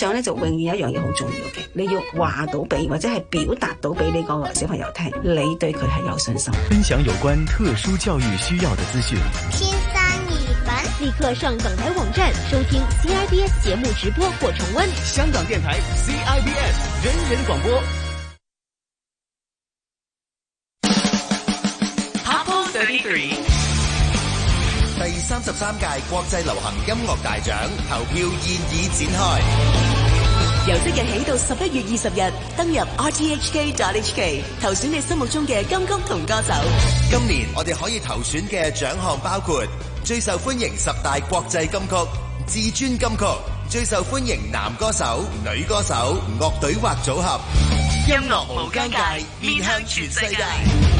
上咧就永遠一樣嘢好重要嘅，你要話到俾或者係表達到俾你個小朋友聽，你對佢係有信心。分享有關特殊教育需要嘅資訊。三、二、一，立刻上港台網站收聽 CIBS 節目直播或重温。香港電台 CIBS 人人廣播。三十三屆國際流行音樂大獎投票現已展開，由即日起到十一月二十日登入 RTHK.HK，投選你心目中嘅金曲同歌手。今年我哋可以投選嘅獎項包括最受歡迎十大國際金曲、至尊金曲、最受歡迎男歌手、女歌手、樂隊或組合。音樂無疆界，面向全世界。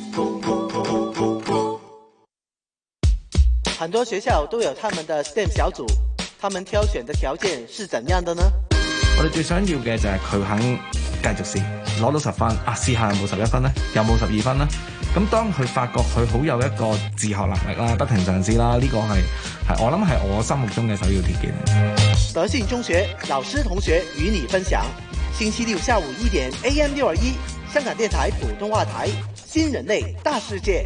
很多學校都有他們的 STEM 小組，他們挑選的條件是怎樣的呢？我哋最想要嘅就係佢肯繼續試，攞到十分啊，試下有冇十一分呢？有冇十二分呢？咁當佢發覺佢好有一個自學能力啦，不停嘗試啦，呢個係係我諗係我心目中嘅首要條件。德信中學老師同學與你分享，星期六下午一點 AM 六二一，香港電台普通話台《新人類大世界》。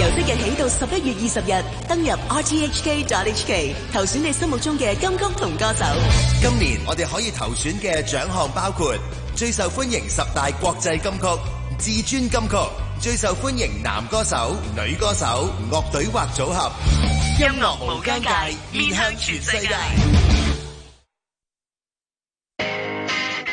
由即日起到十一月二十日，登入 RTHK.HK，投選你心目中嘅金曲同歌手。今年我哋可以投選嘅獎項包括最受歡迎十大國際金曲、至尊金曲、最受歡迎男歌手、女歌手、樂隊或組合。音樂無疆界，面向全世界。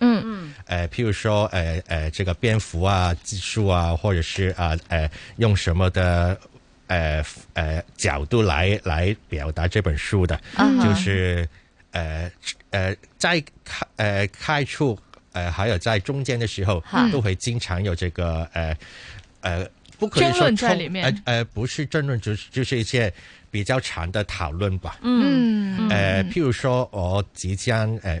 嗯嗯，呃，譬如說呃，呃，這個蝙蝠啊，蜘蛛啊，或者是啊呃，用什麼的呃，呃，角度來來表達這本書的，啊、就是呃，呃在開呃，開處呃，還有在中間的時候，啊、都會經常有這個呃，呃，不可以說論在裏面呃，呃不是爭論，就就是一些比較長的討論吧。嗯，嗯呃，譬如說我即將呃。